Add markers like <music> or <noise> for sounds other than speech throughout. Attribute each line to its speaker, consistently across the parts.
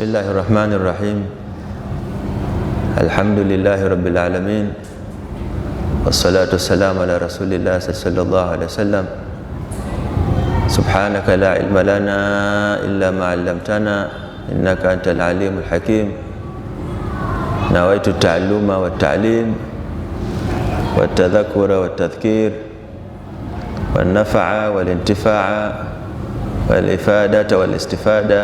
Speaker 1: بسم الله الرحمن الرحيم الحمد لله رب العالمين والصلاة والسلام على رسول الله صلى الله عليه وسلم سبحانك لا علم لنا إلا ما علمتنا إنك أنت العليم الحكيم نويت التعلم والتعليم والتذكر والتذكير والنفع والانتفاع والإفادة والاستفادة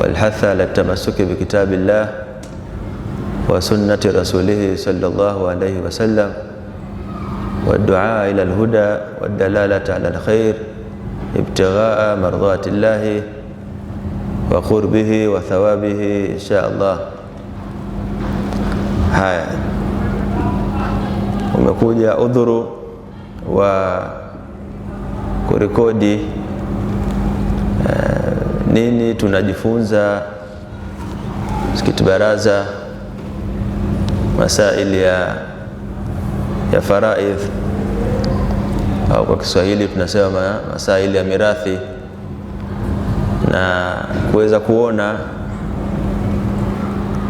Speaker 1: والحث على التمسك بكتاب الله وسنة رسوله صلى الله عليه وسلم والدعاء إلى الهدى والدلالة على الخير ابتغاء مرضات الله وقربه وثوابه إن شاء الله هاي umekuja يا أذر وكوريكودي آه. nini tunajifunza msikiti baraza, masaili ya, ya faraidh au kwa Kiswahili tunasema masaili ya mirathi, na kuweza kuona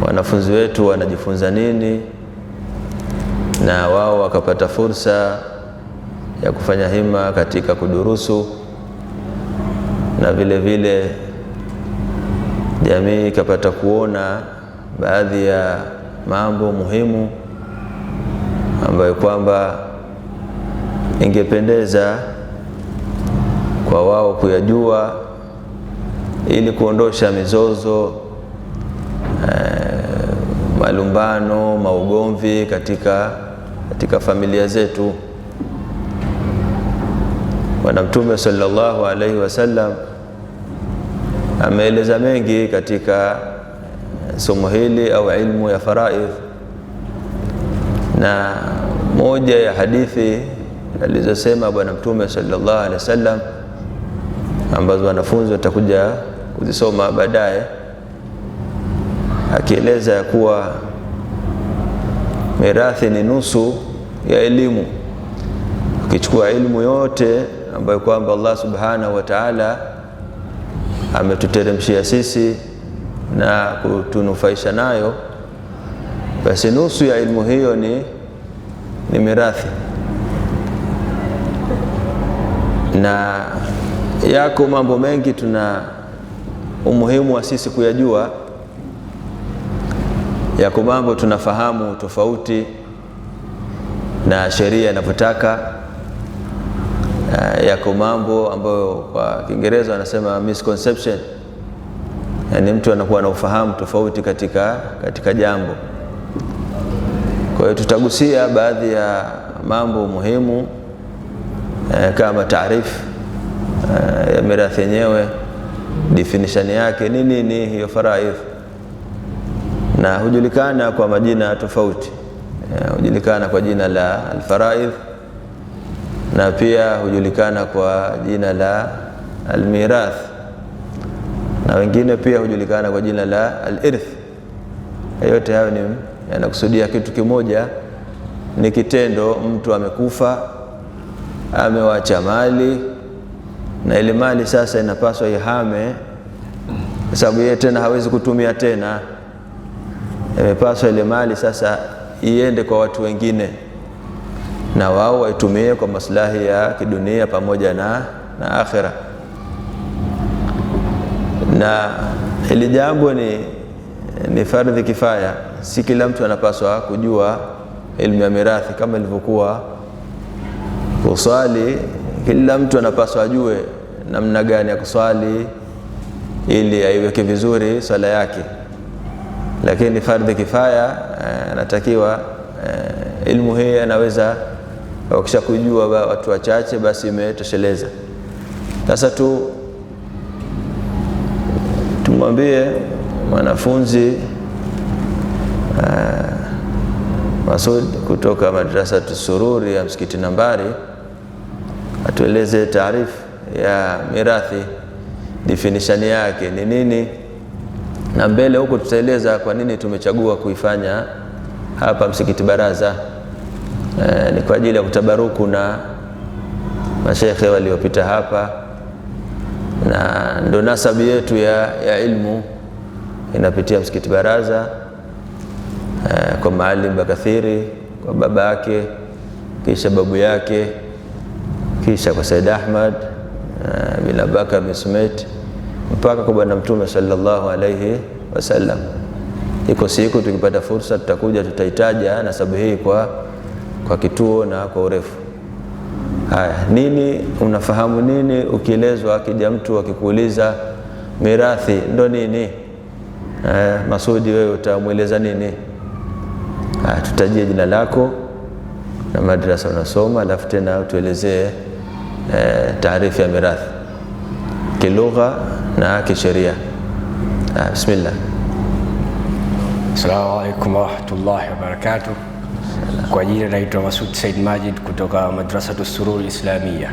Speaker 1: wanafunzi wetu wanajifunza nini na wao wakapata fursa ya kufanya hima katika kudurusu na vile vile jamii ikapata kuona baadhi ya mambo muhimu ambayo kwamba ingependeza kwa wao kuyajua ili kuondosha mizozo eh, malumbano, maugomvi katika, katika familia zetu. Bwana Mtume sallallahu alaihi wasallam Ameeleza mengi katika somo hili au ilmu ya faraidh, na moja ya hadithi alizosema Bwana Mtume sallallahu alaihi wasallam ambazo wanafunzi watakuja kuzisoma baadaye, akieleza ya kuwa mirathi ni nusu ya elimu. Ukichukua elimu yote ambayo kwamba Allah subhanahu wa ta'ala ametuteremshia sisi na kutunufaisha nayo, basi nusu ya ilmu hiyo ni, ni mirathi na yako mambo mengi tuna umuhimu wa sisi kuyajua, yako mambo tunafahamu tofauti na sheria inavyotaka Eh, yako mambo ambayo kwa Kiingereza wanasema misconception, yani eh, mtu anakuwa na ufahamu tofauti katika, katika jambo. Kwa hiyo tutagusia baadhi ya mambo muhimu eh, kama taarifu uh, eh, ya mirathi yenyewe, definition yake nini ni hiyo faraidh, na hujulikana kwa majina tofauti hujulikana kwa jina la alfaraidh na pia hujulikana kwa jina la almirath na wengine pia hujulikana kwa jina la alirth. Yote hayo ni yanakusudia kitu kimoja, ni kitendo mtu amekufa amewacha mali, na ile mali sasa inapaswa ihame, kwa sababu yeye tena hawezi kutumia tena, imepaswa ile mali sasa iende kwa watu wengine na wao waitumie kwa maslahi ya kidunia pamoja na, na akhira. Na hili jambo ni, ni fardhi kifaya, si kila mtu anapaswa kujua ilmu ya mirathi kama ilivyokuwa kuswali. Kila mtu anapaswa ajue namna gani ya kuswali ili aiweke vizuri swala yake, lakini fardhi kifaya anatakiwa eh, eh, ilmu hii anaweza Wakisha kujua ba, watu wachache basi imetosheleza. Sasa tu tumwambie mwanafunzi ah, Masud kutoka madrasa Tusururi ya msikiti nambari atueleze taarifu ya mirathi, definition yake ni nini, na mbele huko tutaeleza kwa nini tumechagua kuifanya hapa msikiti Baraza. Eh, ni kwa ajili ya kutabaruku na mashekhe waliopita hapa, na ndo nasabu yetu ya, ya ilmu inapitia msikiti Baraza eh, kwa Maalim Bakathiri, kwa babake, kisha babu yake, kisha kwa Said Ahmad e, bin Abubakar bin Sumait mpaka kwa Bwana Mtume sallallahu alayhi wasallam. Iko siku tukipata fursa tutakuja tutahitaja nasabu hii kwa kwa kituo na kwa urefu. Haya, nini unafahamu nini ukielezwa, akija mtu akikuuliza mirathi ndo nini? Haya, eh, Masudi, wewe utamweleza nini? Haya, ah, tutajie jina lako na madrasa unasoma, alafu tena utuelezee eh, taarifu ya mirathi kilugha na kisheria. Ah, bismillah.
Speaker 2: Assalamu alaikum warahmatullahi wabarakatuh. Kwa jina naitwa Masud Said Majid kutoka Madrasatu Sururi Islamia.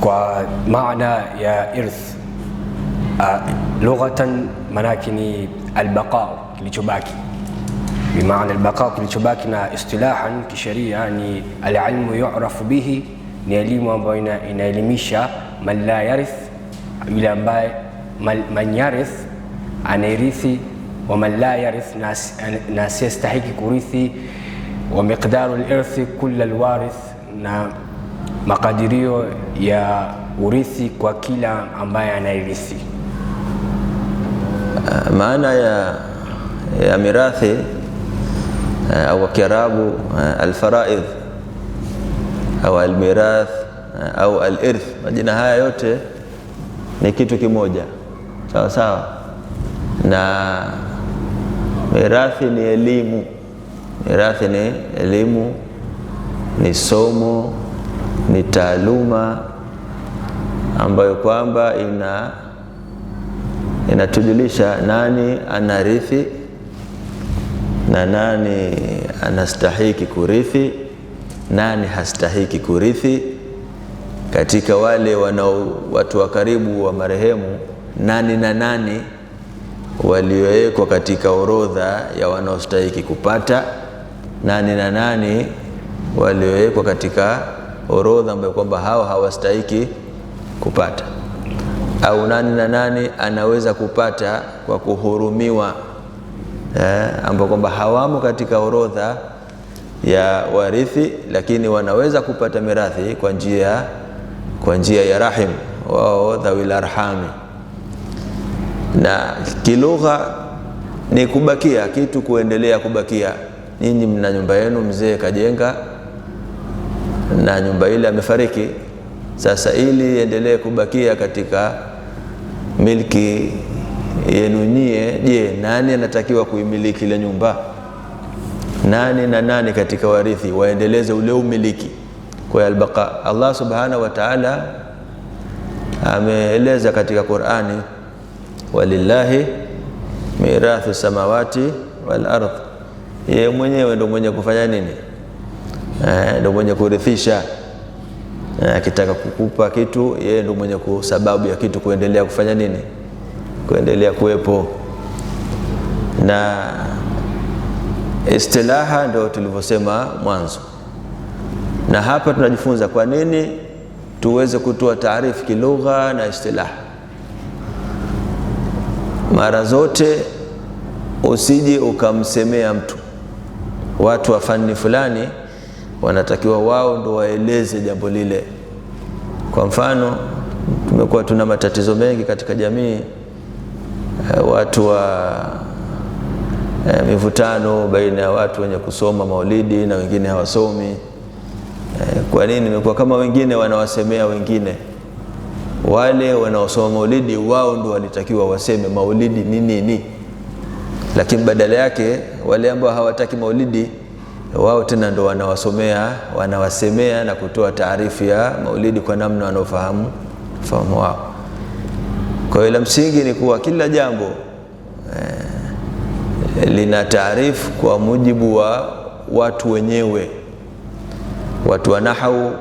Speaker 2: Kwa maana ya irth lughatan, manake ni albaqa, kilichobaki bimaana albaqa, kilichobaki, na istilahan kisheria ni alilmu yu'rafu bihi, ni elimu ambayo inaelimisha man la yarith, yule ambaye man yarith, anairithi waman la yarith na asiyestahiki kurithi, wa miqdaru lirthi kula lwarith, na makadirio ya urithi kwa kila ambaye anairithi. Eh, maana ya, ya mirathi eh, au kwa Kiarabu eh, alfaraidh au almirath au alirth, majina haya yote ni kitu kimoja sawa sawa na Mirathi ni elimu, mirathi ni elimu, ni somo, ni taaluma ambayo kwamba ina inatujulisha nani anarithi na nani anastahiki kurithi, nani hastahiki kurithi. Katika wale wanao watu wa karibu wa marehemu, nani na nani waliowekwa katika orodha ya wanaostahiki kupata, nani na nani waliowekwa katika orodha ambayo kwamba hao hawastahiki kupata, au nani na nani anaweza kupata kwa kuhurumiwa eh, ambao kwamba hawamo katika orodha ya warithi, lakini wanaweza kupata mirathi kwa njia kwa njia ya rahim wao dhawil arhami na kilugha ni kubakia kitu, kuendelea kubakia. Ninyi mna nyumba yenu, mzee kajenga na nyumba ile amefariki. Sasa ili endelee kubakia katika milki yenu nyie, je, nani anatakiwa kuimiliki ile nyumba? Nani na nani katika warithi waendeleze ule umiliki? Kwa albaqa, Allah subhanahu wa ta'ala ameeleza katika Qur'ani walillahi mirathu samawati wal ardh, ye mwenyewe ndo mwenye kufanya nini, eh, ndo mwenye kurithisha. Eh, akitaka kukupa kitu, yeye ndo mwenye sababu ya kitu kuendelea kufanya nini, kuendelea kuwepo. Na istilaha ndo tulivyosema mwanzo, na hapa tunajifunza kwa nini tuweze kutoa taarifu kilugha na istilaha mara zote usije ukamsemea mtu. Watu wa fani fulani wanatakiwa wao ndo waeleze jambo lile. Kwa mfano, tumekuwa tuna matatizo mengi katika jamii, eh, watu wa eh, mivutano baina ya watu wenye kusoma maulidi na wengine hawasomi. Eh, kwa nini imekuwa kama wengine wanawasemea wengine wale wanaosoma maulidi wao ndo walitakiwa waseme maulidi ni nini, lakini badala yake wale ambao hawataki maulidi wao tena ndo wanawasomea wanawasemea na kutoa taarifu ya maulidi kwa namna wanaofahamu fahamu wao. Kwa hiyo la msingi ni kuwa kila jambo eh, lina taarifu kwa mujibu wa watu wenyewe. Watu wa nahau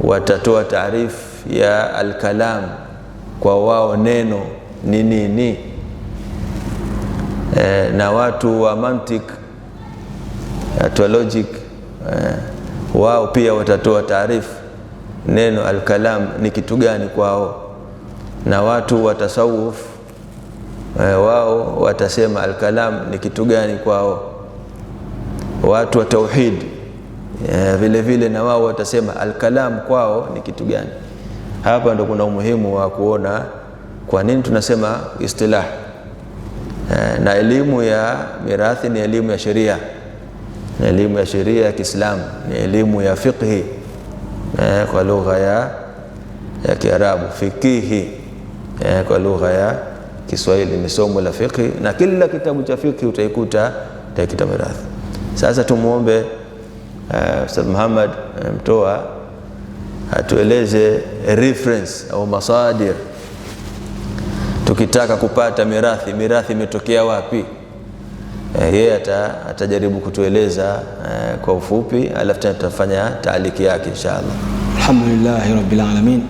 Speaker 2: watatoa taarifu ya alkalam, kwa wao neno ni nini? E, na watu wa mantik logic e, eh, wao pia watatoa taarifu neno alkalam ni kitu gani kwao, na watu wa tasawuf e, wao watasema alkalam ni kitu gani kwao. Watu wa tauhid e, vile vile na wao watasema alkalam kwao ni kitu gani. Hapa ndo kuna umuhimu wa kuona kwa nini tunasema istilah eh, na elimu ya mirathi ni elimu ya sheria, ni elimu ya sheria ya Kiislamu, ni elimu ya fiqhi eh, kwa lugha ya, ya Kiarabu fikihi eh, kwa lugha ya Kiswahili ni somo la fiqhi, na kila kitabu cha fiqhi utaikuta utaikuta mirathi. Sasa tumuombe eh, Ustadh uh, Muhammad eh, mtoa um, atueleze reference au masadir tukitaka kupata mirathi, mirathi imetokea wapi? Eh, yeye ata, atajaribu kutueleza eh, kwa ufupi, alafu tutafanya taaliki yake inshallah.
Speaker 3: alhamdulillah rabbil alamin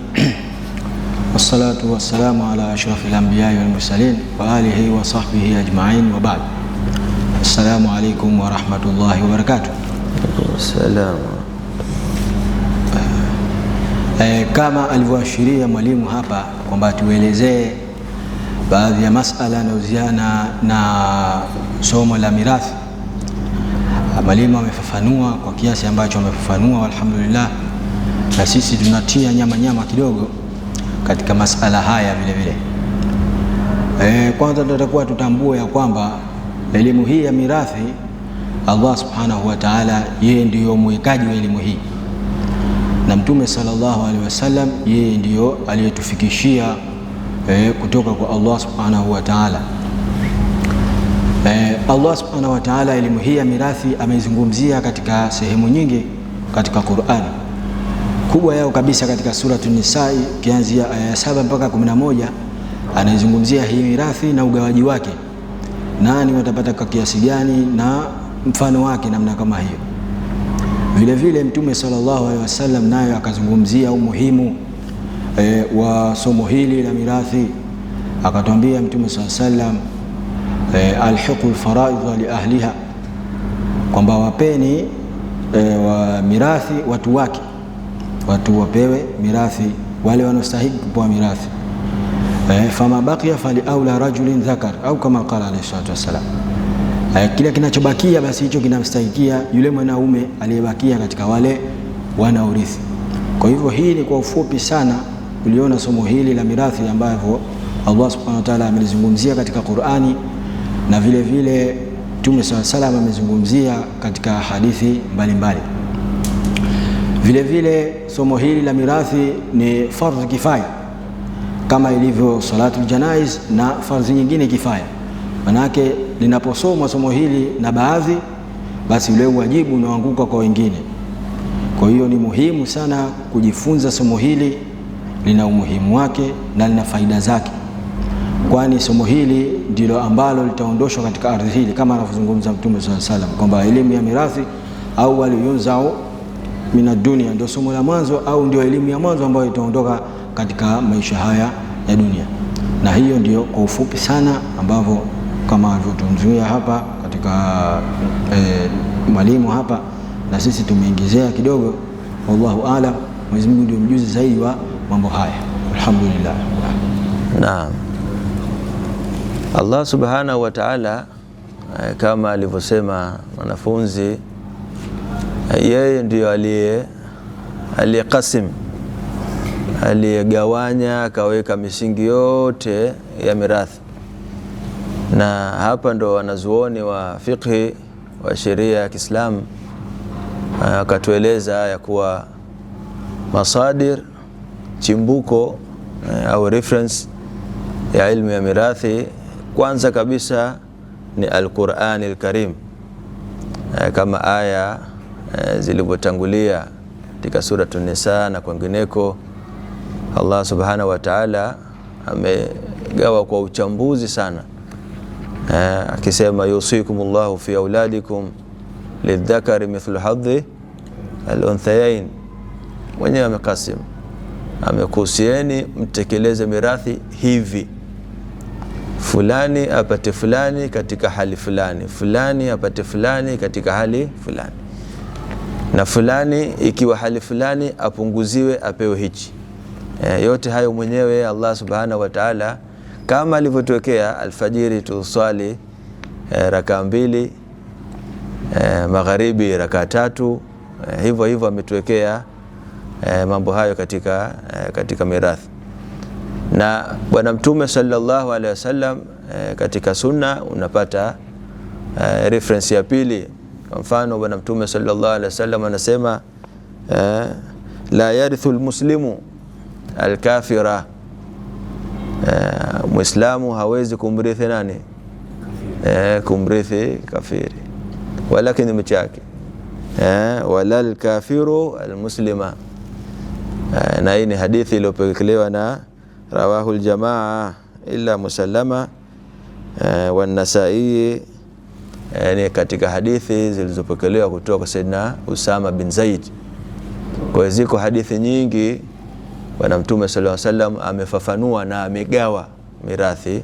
Speaker 3: <clears throat> wassalatu wassalamu ala ashrafil anbiya wal mursalin wa alihi wa sahbihi ajma'in wa ba'd. Assalamu alaykum wa rahmatullahi wa barakatuh.
Speaker 1: Asalamu
Speaker 3: E, kama alivyoashiria mwalimu hapa kwamba tuelezee baadhi ya masala yanayohusiana na somo la mirathi. Mwalimu amefafanua kwa kiasi ambacho amefafanua, alhamdulillah, na sisi tunatia nyama nyama kidogo katika masala haya vile vile. E, kwanza tutakuwa tutambue ya kwamba elimu hii ya mirathi, Allah subhanahu wa ta'ala, yeye ndiyo mwekaji wa elimu hii na Mtume sallallahu alaihi wasallam yeye ndiyo aliyetufikishia e, kutoka kwa Allah subhanahu wa ta'ala. E, Allah subhanahu wa ta'ala elimu hii ya mirathi ameizungumzia katika sehemu nyingi katika Qur'ani. Kubwa yao kabisa katika suratu Nisai ukianzia aya ya saba mpaka 11 anaizungumzia hii mirathi na ugawaji wake, nani watapata kwa kiasi gani na mfano wake, namna kama hiyo. Vile vile Mtume sallallahu alaihi wasallam naye akazungumzia umuhimu e, wa somo hili la mirathi. Akatwambia Mtume sallallahu alaihi wasallam e, alhiqu li liahliha, kwamba wapeni e, wa mirathi watu wake, watu wapewe mirathi wale wanaostahili kupewa mirathi e, fama baqiya faliaula rajulin dhakar au kama qala alayhi salatu wassalam Eh, kile kinachobakia basi hicho kinamstahikia yule mwanaume aliyebakia katika wale wanaorithi. Kwa hivyo hii ni kwa ufupi sana uliona somo hili la mirathi ambavyo Allah subhanahu wa ta'ala amelizungumzia katika Qur'ani na vile vile Mtume swalla salam amezungumzia katika hadithi mbalimbali. Vile vile somo hili la mirathi ni fardhu kifaya kama ilivyo salatul janaiz na fardhi nyingine kifaya, manake linaposomwa somo hili na baadhi, basi ule wajibu unaanguka kwa wengine. Kwa hiyo ni muhimu sana kujifunza somo hili, lina umuhimu wake na lina faida zake, kwani somo hili ndilo ambalo litaondoshwa katika ardhi hili, kama anavyozungumza Mtume swalla salam kwamba elimu ya mirathi au waliyunzau mina dunia ndio somo la mwanzo au ndio elimu ya mwanzo ambayo itaondoka katika maisha haya ya dunia. Na hiyo ndio kwa ufupi sana ambavyo kama alivyotumzuia hapa katika e, mwalimu hapa, na sisi tumeingizea kidogo. Wallahu alam, Mwenyezi Mungu ndio mjuzi zaidi wa mambo haya. Alhamdulillah.
Speaker 1: Naam, Allah subhanahu wa ta'ala eh, kama alivyosema mwanafunzi, eh, yeye ndiyo aliye aliyekasim aliyegawanya akaweka misingi yote ya mirathi na hapa ndo wanazuoni wa fiqhi wa sheria ya Kiislamu eh, akatueleza ya kuwa masadir, chimbuko eh, au reference ya ilmu ya mirathi, kwanza kabisa ni Alqurani karim eh, kama aya zilivyotangulia katika Suratu Nisa na kwengineko. Allah subhanahu wa taala amegawa kwa uchambuzi sana Eh, akisema yusikum llahu fi auladikum lidhakari mithlu hadhi alunthayain. Mwenyewe amekasim, amekuhusieni mtekeleze mirathi hivi, fulani apate fulani katika hali fulani, fulani apate fulani katika hali fulani, na fulani ikiwa hali fulani apunguziwe, apewe hichi. E, yote hayo mwenyewe Allah subhanahu wa ta'ala kama alivyotokea alfajiri tuswali e, rakaa mbili e, magharibi rakaa tatu e, hivyo hivyo ametuwekea e, mambo hayo katika, e, katika mirathi na Bwana Mtume sallallahu alaihi wasallam e, katika sunna unapata e, reference ya pili. Kwa mfano Bwana Mtume sallallahu alaihi wasallam anasema e, la yarithu almuslimu alkafira e, Muislamu hawezi kumrithi nani? Eh, kumrithi kafiri, wala kinyume chake eh, wala alkafiru almuslima eh, na hii ni hadithi iliyopokelewa na rawahu aljamaa illa musallama eh, wa nasai eh, ni katika hadithi zilizopokelewa kutoka kwa Saidina Usama bin Zaid. Kwa ziko hadithi nyingi Bwana Mtume sallallahu alaihi wasallam amefafanua na amegawa mirathi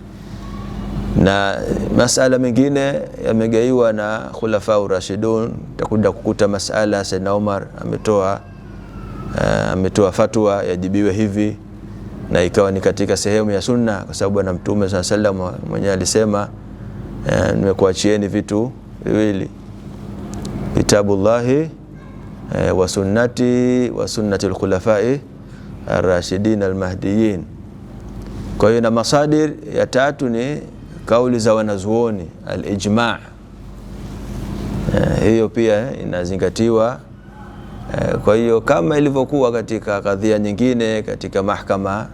Speaker 1: na masala mengine yamegaiwa na khulafa rashidun. Utakuja kukuta masala Saidna Umar ametoa uh, ametoa fatwa yajibiwe hivi, na ikawa ni katika sehemu ya sunna, kwa sababu na Mtume sala sallam mwenyewe alisema uh, nimekuachieni vitu viwili, kitabullahi uh, wa sunnati wa sunnati alkhulafai arrashidin almahdiyin kwa hiyo na masadir ya tatu ni kauli za wanazuoni al-ijma. Eh, hiyo eh, pia inazingatiwa eh. Kwa hiyo kama ilivyokuwa katika kadhia nyingine katika mahakama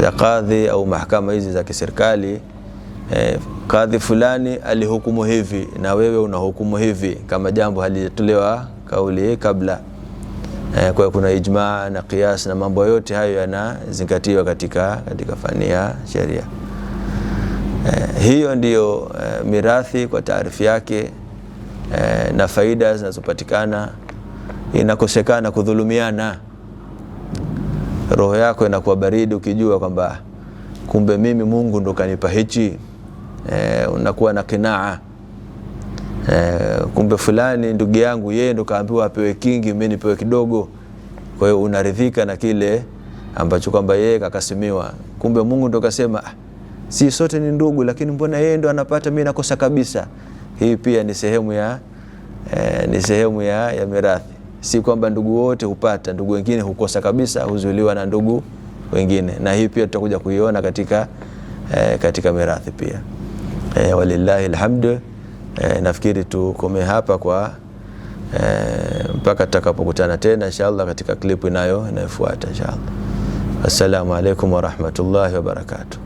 Speaker 1: za kadhi au mahakama hizi za kiserikali eh, kadhi fulani alihukumu hivi na wewe unahukumu hivi, kama jambo halijatolewa kauli kabla Eh, kwa kuna ijma na qiyas na mambo yote hayo yanazingatiwa katika, katika fani ya sheria. Eh, hiyo ndiyo eh, mirathi kwa taarifu yake eh, na faida zinazopatikana. Inakosekana kudhulumiana, roho yako inakuwa baridi ukijua kwamba kumbe mimi Mungu ndo kanipa hichi eh, unakuwa na kinaa Eh, kumbe fulani ndugu yangu yeye ndo kaambiwa apewe kingi, mimi nipewe kidogo. Kwa hiyo unaridhika na kile ambacho kwamba yeye kakasimiwa, kumbe Mungu ndo kasema ah, si sote ni ndugu, lakini mbona yeye ndo anapata, mimi nakosa kabisa? Hii pia ni sehemu ya eh, ni sehemu ya, ya mirathi. Si kwamba ndugu wote hupata, ndugu wengine hukosa kabisa, huzuiliwa na ndugu wengine, na hii pia tutakuja kuiona katika eh, katika mirathi pia eh, walillahi alhamdu e, nafikiri tukome hapa kwa e, mpaka tutakapokutana tena inshallah katika klipu inayo inayofuata inshallah. Assalamu alaikum warahmatullahi wabarakatuh.